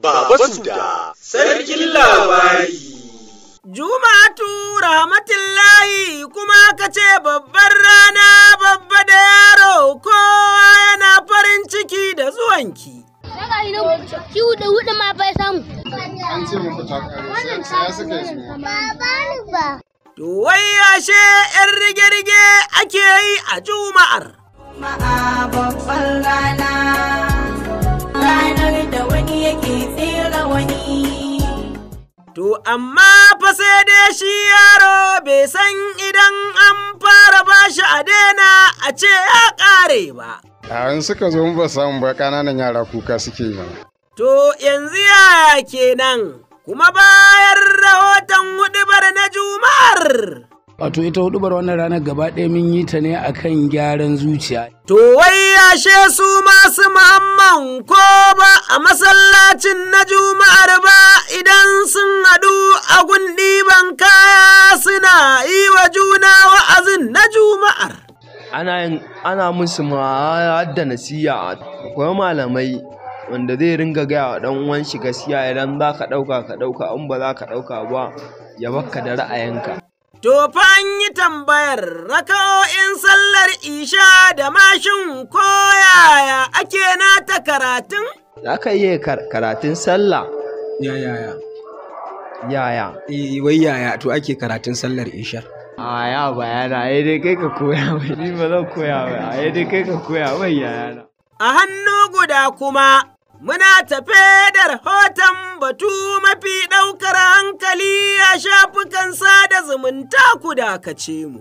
Baba Suda, Sarkin Labari. Juma'atu rahmatullahi kuma ka ce babbar rana babba da yaro kowa yana farin ciki da zuwanki. Daga idan ki huɗe huɗe ma bai samu. An ce muku takare, ya suka yi Ba ba ba. To wai yashe 'yan rige-rige ake yi a Juma'ar. Juma'a babbar rana. da wani yake tsira wani. To amma fa sai dai shi yaro bai san idan an fara bashi a daina a ce ya ƙare ba. A suka zo ba samu ba ƙananan yara kuka suke yi To yanzu ya kenan kuma ba wato ita hudubar wannan ranar gaba ɗaya mun yi ta ne a kan gyaran zuciya. To wai yashe su masu muhamman ko ba a masallacin na juma'ar ba idan sun haɗu a ban kaya suna yi wa juna wa'azin na juma'ar. Ana ana musu ma'adda nasiya akwai malamai wanda zai ringa gaya wa ɗan uwan shi gaskiya idan za ka ɗauka ka ɗauka in ba za ka ɗauka ba ya bakka da ra'ayinka. To fa an yi tambayar raka'o'in sallar isha da mashin ko yaya ake nata karatun? Za ka iya karatun sallah. Ya ya ya. Ya ya. Eh, wai yaya to ake karatun sallar isha. A ya bayana, ai dai kai ka koya mai, ni ba zan koya mai, ai dai kai ka koya mai yayana. A hannu guda kuma Muna tafe da rahoton batu mafi ɗaukar hankali a shafukan sada zumunta ku da mu.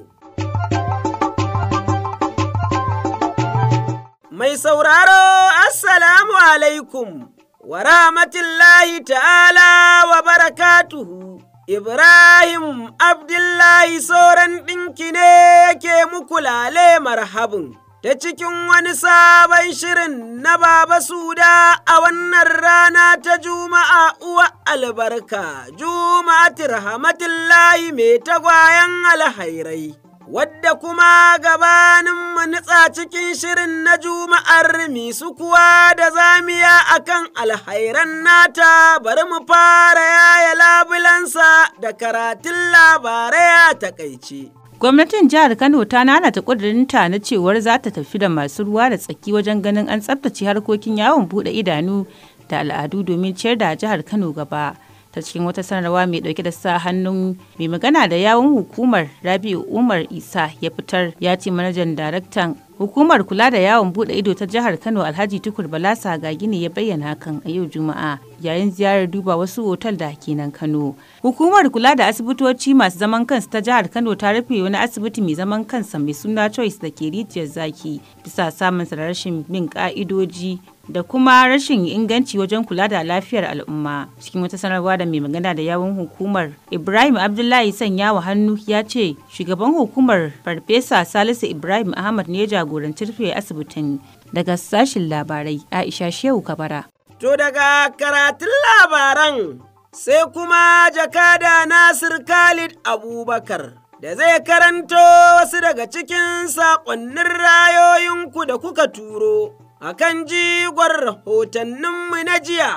Mai sauraro, Assalamu alaikum, wa rahmatullahi ta'ala wa barakatuhu. Ibrahim Abdullahi sauran ɗinki ne yake muku lale marhabin. ta cikin wani sabon shirin na Baba Suda a wannan rana ta Juma'a uwa albarka, Juma'atir Hamatullahi mai tagwayen alhairai. Wadda kuma gabanin manitsa cikin shirin na Juma'ar su kuwa da zamiya a kan alhairan nata bari mu fara yaya labulansa da karatun labarai a takaice. Gwamnatin jihar Kano ta nanata ƙudurinta na cewar za ta tafi da masu ruwa da tsaki wajen ganin an tsabtace harkokin yawon bude idanu da al'adu domin ciyar da jihar Kano gaba. Ta cikin wata sanarwa mai ɗauke da sa hannun mai magana da yawon hukumar Rabi'u Umar Isa ya fitar ya ce manajan daraktan Hukumar kula da yawon bude ido ta jihar Kano Alhaji Tukur Balasa Gagi ne ya bayyana hakan a yau Juma'a yayin ziyarar duba wasu otal da ke nan Kano. Hukumar kula da asibitoci masu zaman kansu ta jihar Kano ta rufe wani asibiti mai zaman kansa mai suna Choice da ke Rijiyar Zaki bisa samun rashin bin ka'idoji da kuma rashin inganci wajen kula da lafiyar al'umma cikin wata sanarwa da mai magana da yawun hukumar ibrahim abdullahi sanya wa hannu ya ce shugaban hukumar farfesa salisu ibrahim ahmad ne jagoranci rufe asibitin daga sashin labarai aisha shehu kabara to daga karatun labaran sai kuma jakada nasir khalid abubakar da zai karanto wasu daga cikin saƙonnin rayoyinku da kuka turo a kan jigon rahotanninmu na jiya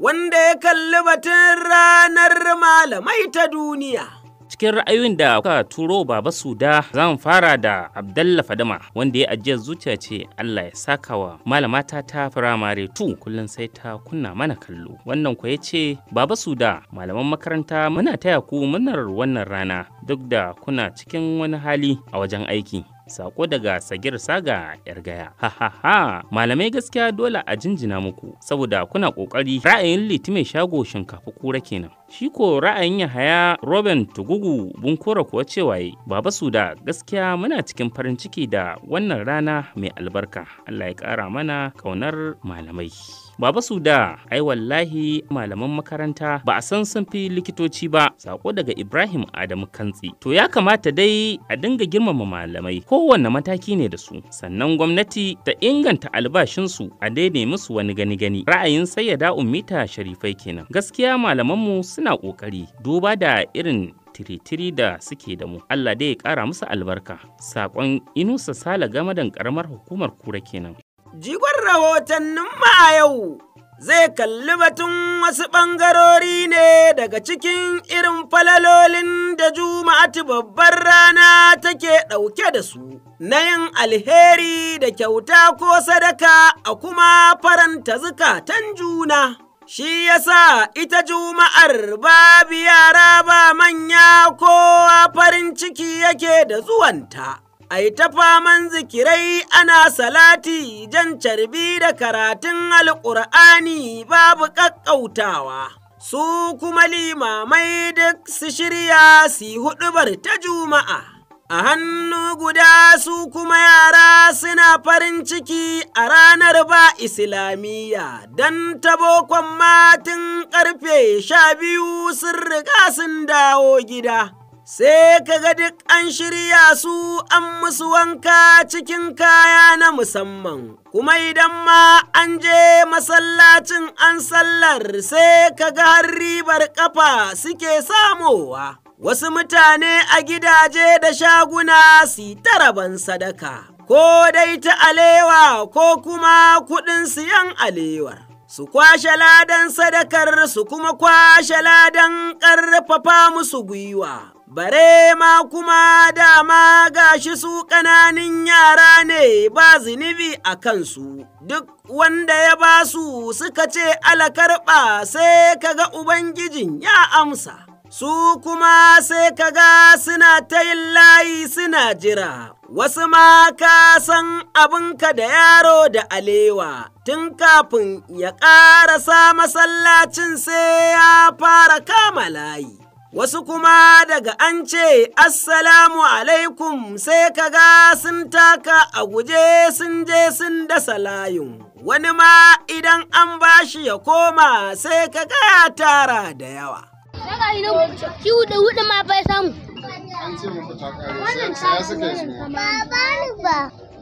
wanda ya kalli batun ranar malamai ta duniya. cikin ra'ayoyin da kuka turo baba suda zan fara da abdalla fadama wanda ya ajiyar zuciya ce allah ya saka wa malamata ta firamare tu kullum sai ta kunna mana kallo wannan kwa ya ce baba suda malaman makaranta muna taya ku munar wannan rana duk da kuna cikin wani hali a wajen aiki Sako daga Sagir Saga yar gaya. Ha ha ha. Malamai gaskiya dole a jinjina muku saboda kuna kokari ra'ayin liti mai shago shinkafa kura kenan. Shi ko ra'ayin Yahaya Robin Tugugu Bunkura kuwa cewa yi Baba da gaskiya muna cikin farin ciki da wannan rana mai albarka. Allah ya ƙara mana ƙaunar malamai. Baba Suda, ai wallahi malaman makaranta ba a san sun fi likitoci ba, sako daga Ibrahim Adamu Kantsi. To ya kamata dai a dinga girmama malamai, kowanne mataki ne da su. Sannan gwamnati ta inganta albashinsu a daidai musu wani gani-gani. Ra'ayin sayyada ummita sharifai kenan. Gaskiya malamanmu suna ƙoƙari, duba da irin tiritiri da suke da mu Allah dai ya ƙara musu albarka sakon inusa sala gamadan ƙaramar hukumar kura kenan Jigon rahotannin ma a yau zai kalli batun wasu ɓangarori ne daga cikin irin falalolin da Juma'atu babbar rana take ɗauke da su, na yin alheri da kyauta ko sadaka a kuma faranta zukatan juna. Shi yasa ita juma'ar babu yara ba manya kowa farin ciki yake da zuwanta. Ai ta faman zikirai ana salati jan carbi da karatun alƙur'ani babu ƙaƙƙautawa. Su kuma limamai duk su shirya su yi huɗubar ta juma'a. A hannu guda su kuma yara suna farin ciki a ranar ba Islamiyya don tabokon matin ƙarfe sha biyu sun riga sun dawo gida. sai kaga duk an shirya su an musu wanka cikin kaya na musamman, kuma idan ma an je masallacin an sallar sai kaga har ribar ƙafa suke samowa. Wasu mutane a gidaje da shaguna su taraban sadaka, ko dai ta alewa ko kuma kuɗin siyan alewar. su kwashe ladan sadakar su kuma kwashe ladan ƙarfafa musu gwiwa. bare ma kuma dama gashi su ƙananin yara ne ba zunubi a kansu, duk wanda ya ba su suka ce alakarɓa sai kaga Ubangijin ya amsa. Su kuma sai kaga suna ta yin layi suna jira, wasu ma ka san abinka da yaro da alewa, tun kafin ya ƙarasa masallacin sai ya fara kama layi. wasu kuma daga an ce assalamu alaikum sai ka ga sun taka a guje sun je sun dasa layin wani ma idan an bashi ya koma sai kaga ya tara da yawa. Daga da ma bai samu.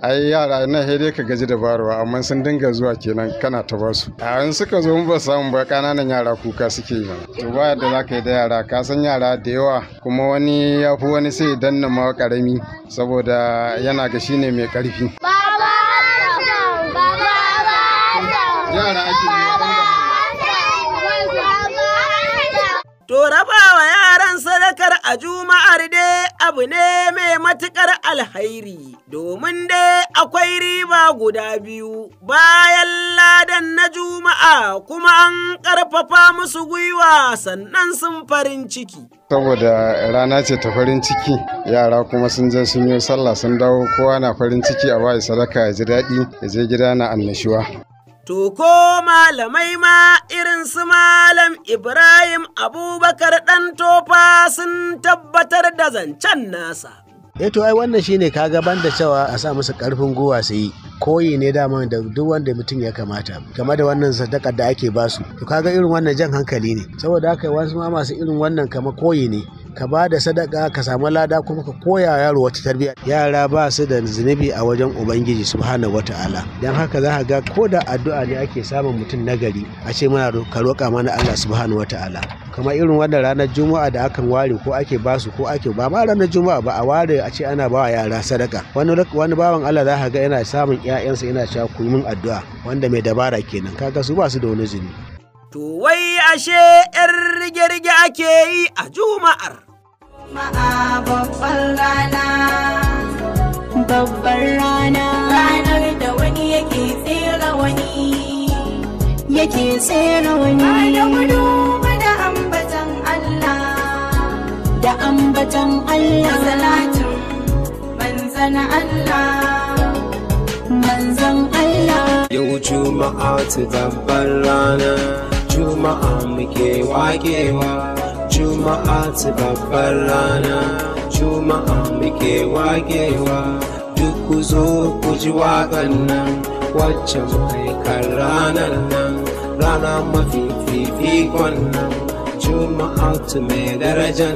ai yara na dai ka gaji da barwa amma sun dinga zuwa kenan kana ta ba su a in suka zo mu ba samu ba kananan yara kuka suke yi to ba yadda za ka yi da yara ka san yara da yawa kuma wani ya fi wani sai danna ma karami saboda yana ga shine mai karfi a juma'ar dai abu ne mai matuƙar alhairi domin dai akwai riba guda biyu bayan ladan na juma'a kuma an ƙarfafa musu gwiwa sannan sun farin ciki. saboda rana ce ta farin ciki yara kuma sun je sun yi sallah sun dawo kowa na farin ciki a bayi sadaka ya ji daɗi ya je gida na annashuwa. To ko malamai ma irin su Malam Ibrahim Abubakar ɗan tofa sun tabbatar da zancen nasa. E to ai wannan shine ka gaban da cewa a sa musu ƙarfin gowa su yi koyi ne dama da duk wanda mutum ya kamata game da wannan sadakar da ake basu to kaga irin wannan jan hankali ne saboda haka wasu ma masu irin wannan kama koyi ne ka ba da sadaka ka samu lada kuma ka koya yaro wata tarbiyya yara ba su da zunubi a wajen ubangiji subhanahu wataala dan haka za ga ko da addu'a ne ake samun mutum nagari a ce muna ka roƙa mana Allah subhanahu wataala kamar irin wannan ranar juma'a da akan ware ko ake basu ko ake ba ma ranar juma'a ba a ware a ce ana ba wa yara sadaka wani bawan Allah za ga yana samun ƴaƴansa yana cewa ku min addu'a wanda mai dabara kenan kaga su ba su da wani zunubi to wai ashe 'yan rige-rige ake yi a juma'ar. Juma'a babbar rana, babbar rana. Ranar da wani yake tsira wani, yake tsira wani. Da gudu da ambatan Allah, da ambatan Allah. Salatin manzan Allah, manzan Allah. Yau Juma'a ta babbar rana. juma'a muke wakewa juma'a ci babbar rana juma'a muke wakewa duk ku zo ku ji waƙan nan wacce ranar nan rana mafi fifikon nan juma'a ci mai darajar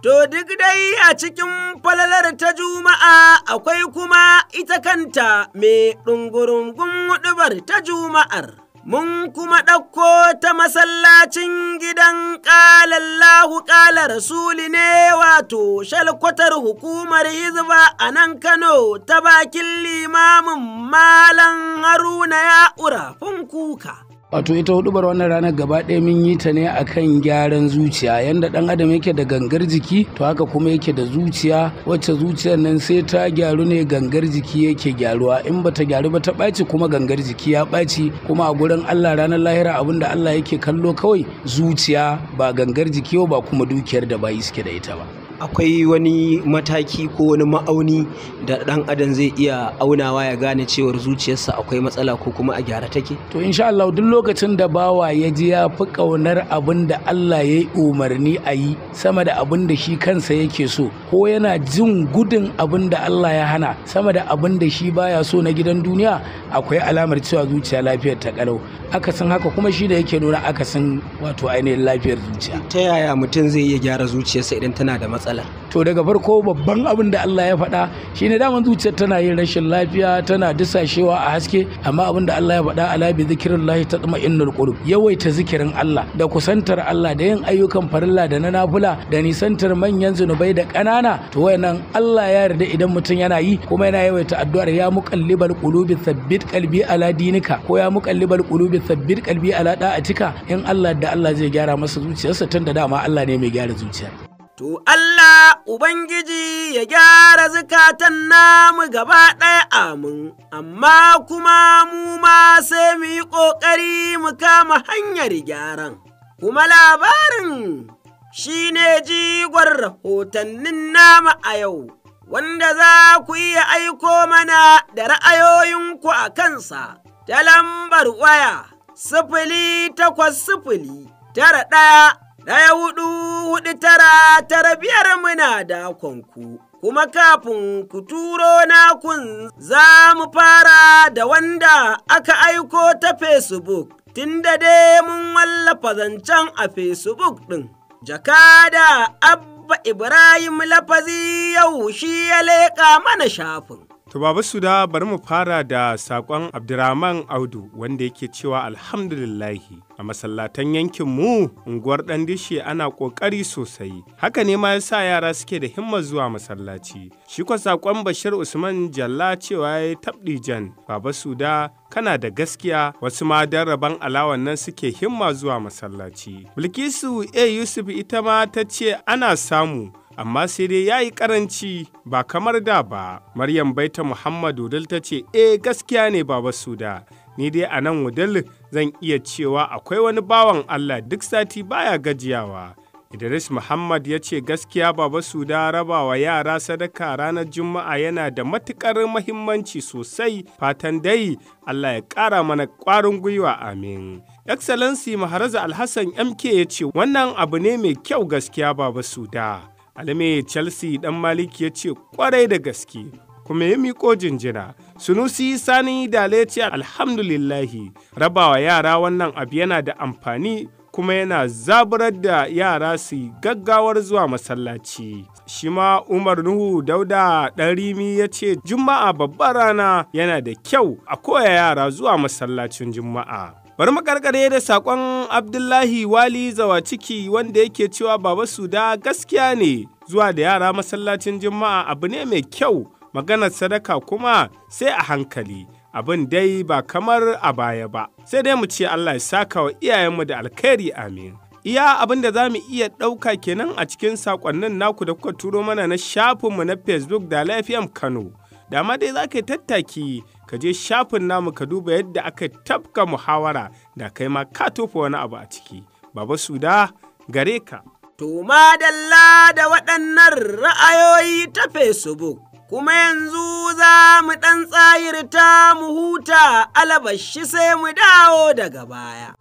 To duk dai a cikin falalar ta Juma'a akwai kuma ita kanta mai ɗungurungun huɗubar ta Juma'ar. mun kuma ɗauko ta masallacin gidan ƙalallahu ƙala rasuli ne wato shalkwatar hukumar hizba a nan Kano ta bakin limamin Malam Haruna ya fun kuka. wato ita hudubar wannan ranar gaba ɗaya mun yi ta ne akan gyaran zuciya yanda ɗan adam yake da gangar jiki to haka kuma yake da zuciya wacce zuciyar nan sai ta gyaru ne gangar jiki yake gyaruwa in bata gyaru ba ta ɓaci kuma gangar jiki ya ɓaci kuma a gurin Allah ranar lahira abin da Allah yake kallo kawai zuciya ba gangar jiki ba kuma dukiyar da bayi suke da ita ba akwai wani mataki ko wani ma'auni da ɗan adam zai iya aunawa ya gane cewar zuciyarsa akwai matsala ko kuma a gyara take to insha Allah duk lokacin da bawa ya ji ya fi ƙaunar abin da Allah ya yi umarni a yi sama da abin da shi kansa yake so ko yana jin gudun abin da Allah ya hana sama da abin da shi baya so na gidan duniya akwai alamar cewa zuciya lafiyar ta kalau akasin haka kuma shi da yake nuna akasin wato ainihin lafiyar zuciya ta yaya mutum zai iya gyara zuciyarsa idan tana da matsala matsala to daga farko babban abin da Allah ya faɗa shi ne daman zuciyar tana yin rashin lafiya tana disashewa a haske amma abin da Allah ya faɗa ala bi zikrillahi innar qulub yawaita zikirin Allah da kusantar Allah da yin ayyukan farilla da na nafula da nisantar manyan zunubai da ƙanana to wayannan Allah ya yarda idan mutum yana yi kuma yana yawaita addu'ar ya muqallibal qulubi thabbit qalbi ala dinika ko ya muqallibal qulubi thabbit qalbi ala da'atika in Allah da Allah zai gyara masa zuciyarsa tunda dama Allah ne mai gyara zuciya. To Allah Ubangiji ya gyara zukatan namu gaba ɗaya amin, amma kuma mu ma sai mu yi ƙoƙari mu kama hanyar gyaran. Kuma labarin shi ne jigon rahotannin nama a yau, wanda za ku iya aiko mana da ra'ayoyinku a kansa ta lambar waya sifili takwas sifili tara ɗaya. Ɗaya hudu hudu tara tara biyar muna da kwanku. Kuma kafin ku turo nakun za mu fara da wanda aka aiko ta Facebook, tunda dai mun wallafa zancen a Facebook ɗin. Jakada Abba Ibrahim lafazi yau shi ya leƙa mana shafin. To Baba Suda bari mu fara da saƙon Abdurrahman Audu wanda yake cewa alhamdulillahi a masallatan yankin mu unguwar ɗan dishi ana ƙoƙari sosai. Haka ne ma yasa yara suke da himma zuwa masallaci. Shi kwa saƙon Bashir Usman Jalla cewa ya tabɗi jan Baba Suda kana da gaskiya wasu ma daraban alawan nan suke himma zuwa masallaci. Bilkisu A Yusuf ita ma ta ce ana samu amma sai dai ya yi karanci ba kamar da ba. Maryam Baita Muhammadu dal ta ce, "E gaskiya ne Baba Suda, ni dai a nan Wudal zan iya cewa akwai wani bawan Allah duk sati baya gajiyawa." Idris Muhammad ya ce gaskiya Baba Suda rabawa yara sadaka ranar Juma'a yana da matuƙar mahimmanci sosai fatan dai Allah ya ƙara mana ƙwarin gwiwa amin. Excellency Maharaza Alhassan MK ya ce wannan abu ne mai kyau gaskiya Baba Suda. alame chelsea dan maliki ya ce kwarai da gaske kuma ya miko jinjina sunusi sani da ce alhamdulillahi rabawa yara wannan abu yana da amfani kuma yana zaburar da yara su gaggawar zuwa masallaci -shima umar nuhu dauda ɗarimi ya ce juma'a babbar rana yana da kyau a koya yara zuwa masallacin juma'a Bari mu karkare da saƙon Abdullahi Wali Zawaciki wanda yake cewa Baba Suda gaskiya ne zuwa da yara masallacin Juma'a abu ne mai kyau maganar sadaka kuma sai a hankali. Abin dai ba kamar a baya ba, sai dai mu ce Allah ya saka wa iyayenmu da alkhairi amin. Iya abin da za mu iya ɗauka kenan a cikin saƙonnin naku da kuka turo mana na shafinmu na Facebook da Lafiyam Kano. Dama dai za ka yi tattaki ka je shafin namu ka duba yadda aka tafka muhawara da kai ma ka tofa wani abu a ciki baba suda gare ka to ma da waɗannan ra'ayoyi ta facebook kuma yanzu za mu ɗan tsayirta mu huta alabashi sai mu dawo daga baya.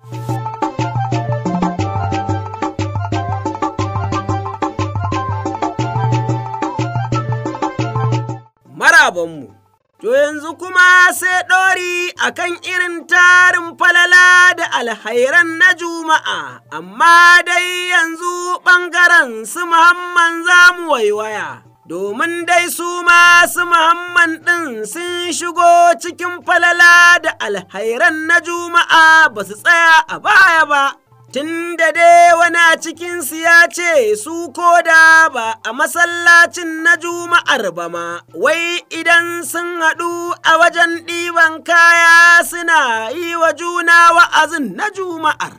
To yanzu kuma sai ɗori a kan irin tarin falala da alhairan na Juma'a, amma dai yanzu ɓangaren su Muhamman za mu waiwaya. Domin dai su ma su Muhamman ɗin sun shigo cikin falala da alhairan na Juma'a ba su tsaya a baya ba. tun da dai wani a cikinsu ya ce su ko da ba a masallacin na juma'ar ba ma, wai idan sun haɗu a wajen ɗiban kaya suna yi wa juna wa'azin na juma'ar.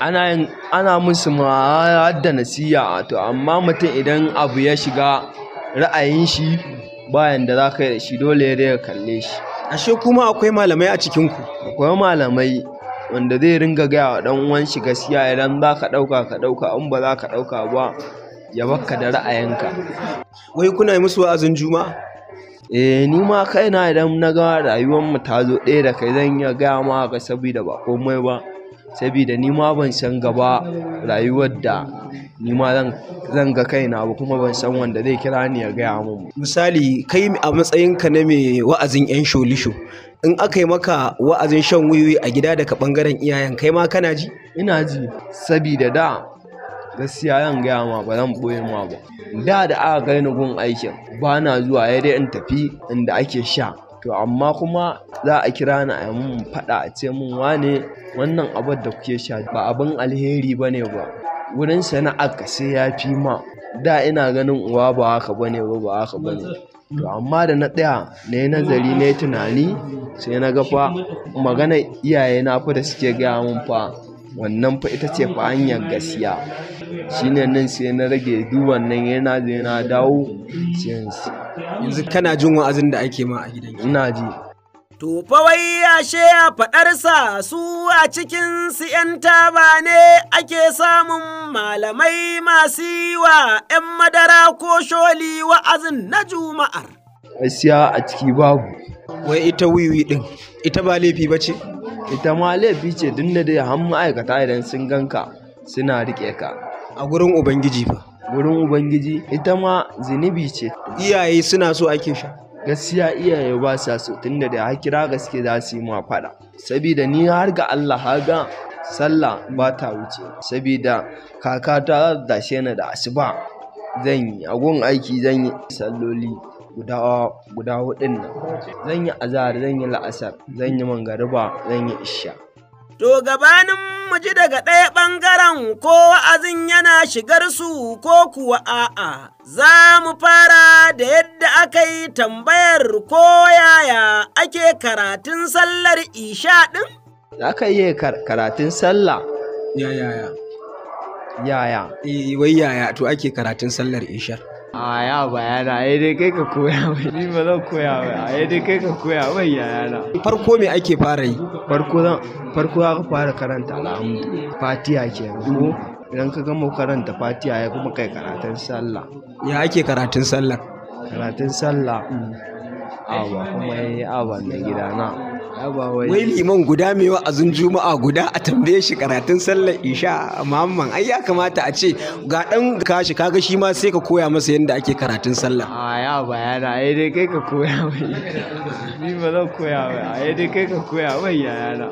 Ana, musu ma'ar da nasiya to amma mutum idan abu ya shiga ra'ayin shi bayan da za ka yi da shi dole ya kalle shi. Ashe kuma akwai malamai a cikinku? Akwai malamai wanda zai ringa gaya wa ɗan uwan shi gaskiya idan za ka ɗauka ka ɗauka in ba za ka ɗauka ba ya bakka da ra'ayinka wai kuna yi musu wa'azin juma'a eh ni ma kaina idan na ga rayuwar mu ta zo ɗaya da kai zan iya gaya ma ga saboda ba komai ba saboda ni ma ban san gaba rayuwar da ni ma zan ga kaina ba kuma ban san wanda zai kira ni ya gaya mun misali kai a matsayinka na mai wa'azin yan sholisho in aka yi maka wa'azin shan wiwi a gida daga bangaren iyayen kai ma kana ji ina ji sabida da gaskiya yan gaya ma ba zan boye ma ba da da aka gani ni gun aikin ba na zuwa ya dai in tafi inda ake sha to amma kuma za a kira ni a mun faɗa a ce mun wane wannan abu da kuke sha ba abin alheri ba ne ba wurin sana'ar ka sai ya fi ma da ina ganin uwa ba haka bane ba ba haka bane To amma da na tsaya na yi nazari na yi tunani sai na ga fa magana iyaye na fa da suke gaya mun fa wannan fa ita ce fa hanyar gaskiya. Shine nan sai na rage duk wannan yana zai na dawo. Yanzu kana jin wa'azin da ake ma a gidan Ina ji. To wai wai ashe a faɗarsa su a cikin su ‘yan taba ne ake samun malamai masu yi wa ‘yan madara ko sholi wa'azin na juma'ar. Asiya a ciki babu. Wai ita wiwi ɗin, ita ba laifi ba ce? Ita ma laifi ce duk da dai han ma'aikata idan sun ganka suna riƙe ka. A gurin Ubangiji ba. Gurin Ubangiji ita ma zinibi ce. Iyaye suna so ake sha. gaskiya iyaye ba sa so tunda da ya kira gaske za su yi ma faɗa sabida ni har ga Allah haga sallah ba ta wuce sabida kakata da shena da asuba zan yi a aiki zan yi salloli guda guda hudun nan zan yi azhar zan yi la'asar zan yi mangariba zan yi isha To gabanin mu ji daga ɗaya ɓangaren ko wa'azin yana shigar su ko kuwa a'a, za mu fara da yadda aka yi tambayar ko yaya ake karatun sallar isha ɗin? Aka iya karatun sallah. Yaya. Yaya. Eh, wai yaya to ake karatun sallar isha. a ya dai yayana farko fara yi farko idan ka gama karanta fatiya ya kuma kai karatun sallah ya ake karatun sallah karatun sallah awa kuma awa na gidana wai liman guda mai wa'azin juma'a guda a tambaye shi karatun sallar isha mamman ai ya kamata a ce ga dan kashi kaga shi ma sai ka koya masa yadda ake karatun sallah a ya bayana ai dai kai ka koya mai ni ba zan koya mai ai dai kai ka koya mai yana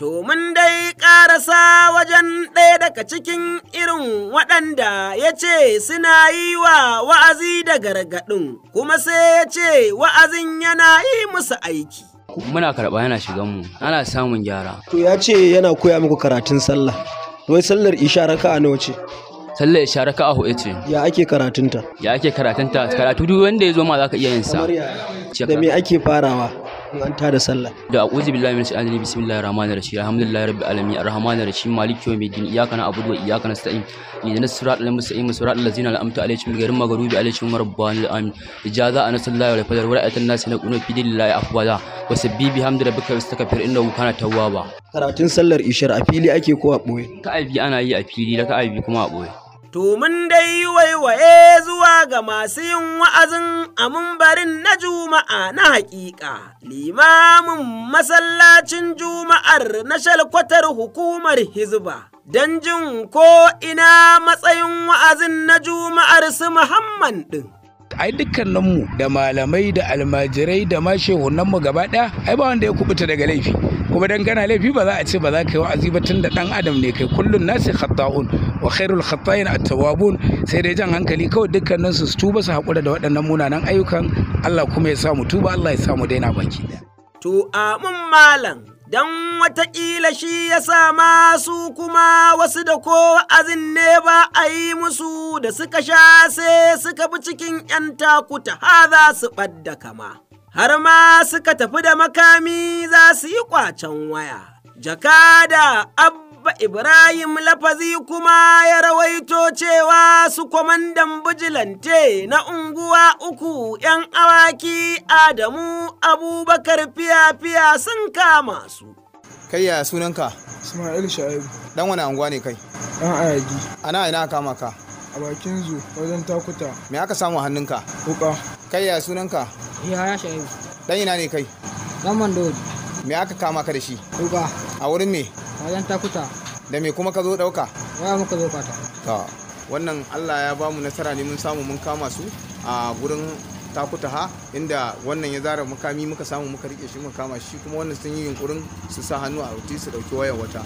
To mun dai karasa wajen ɗaya daga cikin irin waɗanda ya ce suna yi wa wa'azi da gargaɗin, kuma sai ya ce wa'azin yana yi musu aiki. muna karɓa yana shigan mu ana samun gyara to ya ce yana koya muku karatun sallah wai sallar isha raka'a nawa ce sallar isha raka'a huɗu ce ya ake karatunta ya ake karatunta karatu duk wanda ya zo ma zaka iya yin sa da me ake farawa in an tada sallah da a'udhu billahi minash shaitani bismillahir rahmanir rahim alhamdulillahi rabbil alamin arrahmanir rahim maliki yawmiddin iyyaka na'budu wa iyyaka nasta'in ihdinas siratal mustaqim siratal ladzina an'amta alaihim ghayril maghdubi alaihim waladdallin amin ijaza an sallallahi wa fajr wa ra'atan nas yaquluna fi dinillahi afwaja wa sabbi bihamdi rabbika wastaghfir innahu kana tawwaba karatun sallar ishar a fili ake ko a boye ka aibi ana yi a fili da ka aibi kuma a boye to mun dai waiwaye zuwa ga masu yin wa'azin a mumbarin na juma'a na haƙiƙa limamin masallacin juma'ar na shalkwatar hukumar hizba don jin ko'ina matsayin wa'azin na juma'ar su muhamman ɗin. ai mu da malamai da almajirai da ma mu gaba ɗaya ai ba wanda ya kubuta daga laifi kuma dan kana laifi ba za a ce ba za ka yi wa'azi ba tun da dan adam ne kai kullun nasi khata'un wa khairul khata'in at-tawwabun sai dai jan hankali kawai dukkanin su tuba su hakura da waɗannan munanan ayyukan Allah kuma ya sa mu tuba Allah ya sa mu daina baki da to malam don watakila shi ya sa su kuma wasu da ko azin ne ba a yi musu da suka sha sai suka bi cikin ‘yan takuta haza su ɓadda kama, har ma suka tafi da makami za su yi ƙwacen waya. Jakada abba Abba Ibrahim Lafazi kuma ya rawaito cewa su kwamandan bijilante na unguwa uku ‘yan awaki Adamu Abubakar fiya-fiya sun kama su. Kai ya sunanka? Ismail Sha'ibu. Dan wani anguwa ne kai? Dan ayagi. Ana ina kama ka? A bakin zu wajen takuta. Me aka samu hannunka? Kuka. Kai ya sunanka? Yaya Sha'ibu. Dan ina ne kai? Dan Mandoji. me aka kama ka da shi duka a wurin me wajen takuta da me kuma ka zo dauka waya muka zo fata to wannan Allah ya bamu nasara ne mun samu mun kama su a gurin takuta ha inda wannan ya zara mukami muka samu muka rike shi muka kama shi kuma wannan sun yi yunkurin su sa hannu a wuti su dauki wayar wata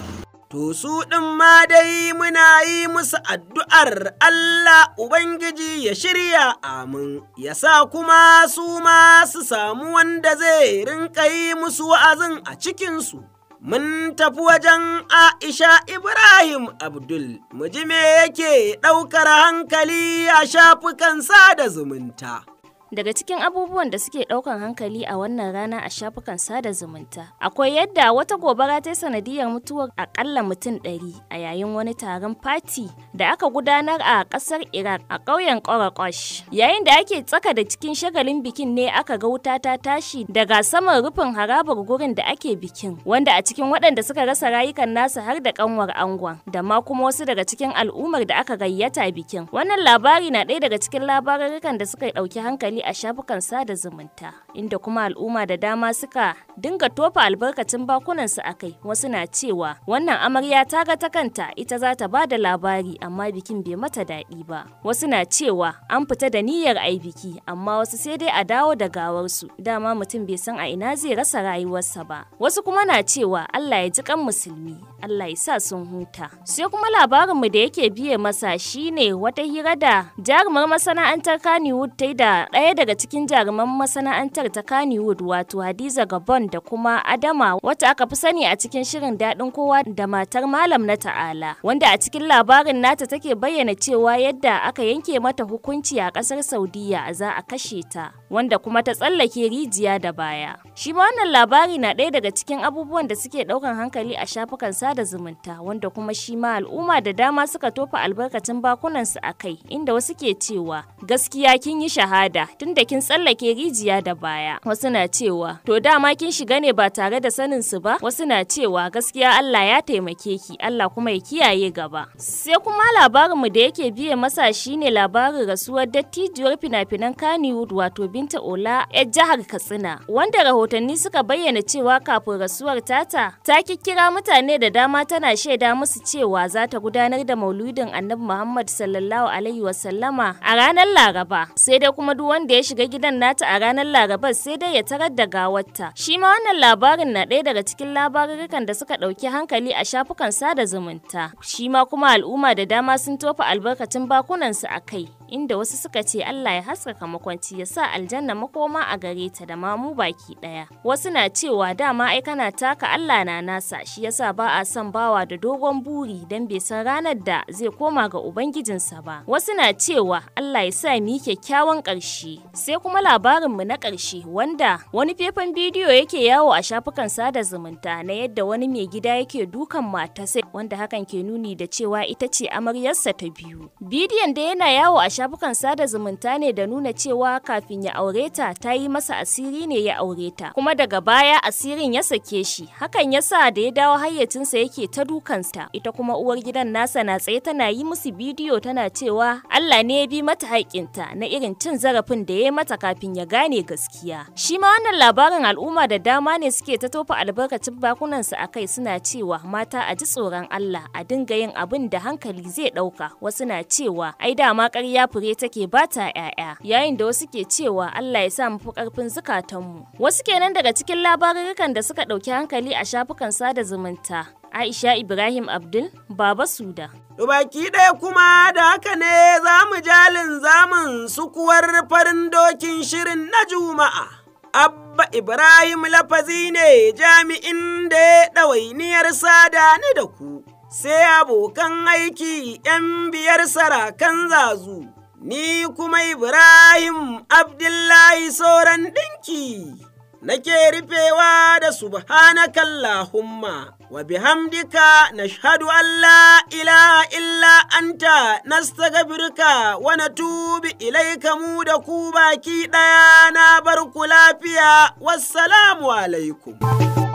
To su ɗin ma dai muna yi musu addu'ar Allah Ubangiji ya shirya amin, ya sa kuma su ma su samu wanda zai rinƙa yi musu wa'azin a cikinsu. Mun tafi wajen Aisha Ibrahim Abdul, mu ji me yake ɗaukar hankali a shafukan sada zumunta. Daga cikin abubuwan da suke ɗaukan hankali a wannan rana a shafukan sada zumunta, akwai yadda wata gobara ta sanadiyar mutuwar akalla mutum ɗari a yayin wani taron fati da aka gudanar a ƙasar Iraq a ƙauyen Ƙorakosh. Yayin da ake tsaka da cikin shagalin bikin ne aka ga wuta ta tashi daga saman rufin harabar gurin da ake bikin, wanda a cikin waɗanda suka rasa rayukan nasu har da ƙanwar angon, da ma kuma wasu daga cikin al'ummar da aka gayyata bikin. Wannan labari na ɗaya daga cikin labarurrukan da suka ɗauki hankali a shafukan sada zumunta inda kuma al'umma da dama suka dinga tofa albarkacin bakunansu a kai wasu na cewa wannan amarya ta ga ta kanta ita za ta ba da labari amma bikin bai mata daɗi ba wasu na cewa an fita da niyyar ai biki amma wasu sai dai a dawo da gawarsu dama mutum bai san a ina zai rasa rayuwarsa ba wasu kuma na cewa Allah ya ji kan musulmi Allah ya sa sun huta sai kuma labarinmu da yake biye masa shine wata hira da jarumar masana'antar Kannywood ta yi da ɗaya daya daga cikin jaruman masana'antar ta Kannywood wato Hadiza Gabon da kuma Adama wata aka fi sani a cikin shirin daɗin kowa da matar malam na ta'ala wanda a cikin labarin nata take bayyana cewa yadda aka yanke mata hukunci a ƙasar Saudiya a za a kashe ta wanda kuma ta tsallake rijiya da baya. Shi ma wannan labari na ɗaya daga cikin abubuwan da suke ɗaukan hankali a shafukan sada zumunta wanda kuma shi ma al'umma da dama suka tofa albarkacin su a kai inda wasu ke cewa gaskiya kin yi shahada tun da kin tsallake rijiya da baya. Wasu na cewa to dama kin shiga ne ba tare da sanin su ba. Wasu na cewa gaskiya Allah ya taimake ki, Allah kuma ya kiyaye gaba. Sai kuma labarin mu da yake biye masa shine labarin rasuwar dattijiyar fina-finan Kannywood wato Binta Ola 'yar jihar Katsina, wanda rahotanni suka bayyana cewa kafin rasuwar tata ta kikkira mutane da dama tana shaida musu cewa za ta gudanar da mauludin Annabi Muhammad sallallahu alaihi wasallama a ranar Laraba. Sai dai kuma duk wanda da ya shiga gidan nata a ranar Larabar sai dai ya tarar da gawarta. Shi ma wannan labarin na ɗaya daga cikin labarukan da suka ɗauki hankali a shafukan sada zumunta. Shi ma kuma al'umma da dama sun tofa albarkacin bakunansu a kai. inda wasu suka ce Allah ya haskaka makwanci ya sa aljanna makoma a gare ta da mamu baki ɗaya. Wasu na cewa dama ai kana taka Allah na nasa shi ya sa ba a son bawa da dogon buri don bai san ranar da zai koma ga Ubangijinsa ba. Wasu na cewa Allah ya sa mi kyakkyawan ƙarshe. Sai kuma labarin mu na ƙarshe wanda wani faifan bidiyo yake yawo a shafukan sada zumunta na yadda wani mai gida yake dukan mata wanda hakan ke nuni da cewa ita ce amaryarsa ta biyu. Bidiyon da yana yawo a shafukan sada zumunta ne da nuna cewa kafin ya aure ta ta yi masa asiri ne ya aure ta kuma daga baya asirin ya sake shi hakan ya sa da ya dawo hayyacinsa yake ta dukansa ita kuma uwar gidan nasa na tsaye tana yi musu bidiyo tana cewa Allah ne ya bi mata haƙinta na irin cin zarafin da ya yi mata kafin ya gane gaskiya shi ma wannan labarin al'umma da dama ne suke ta tofa albarkacin bakunansa a kai suna cewa mata a ji tsoron Allah a dinga yin abin da hankali zai ɗauka wasu na cewa ai dama ƙarya fure take bata ‘ya'ya, yayin da wasu ke cewa Allah ya sa mu fi ƙarfin zukatanmu. Wasu kenan daga cikin labarurukan da suka ɗauki hankali a shafukan sada zumunta. Aisha Ibrahim Abdul, Baba Suda. Baki ɗaya kuma da haka ne za mu jalin zamun sukuwar farin dokin shirin na Juma'a. Abba Ibrahim lafazi ne jami'in da ya ɗawainiyar sada ni da ku, sai abokan aiki ‘yan biyar sarakan zazu. ni kuma Ibrahim Abdullahi sauran ɗinki. Nake rufewa da subhanakallahumma wa bihamdika nashhadu an la ilaha illa anta nastaghfiruka wa natubu ilaika mu da ku baki ɗaya na barku lafiya wassalamu alaikum.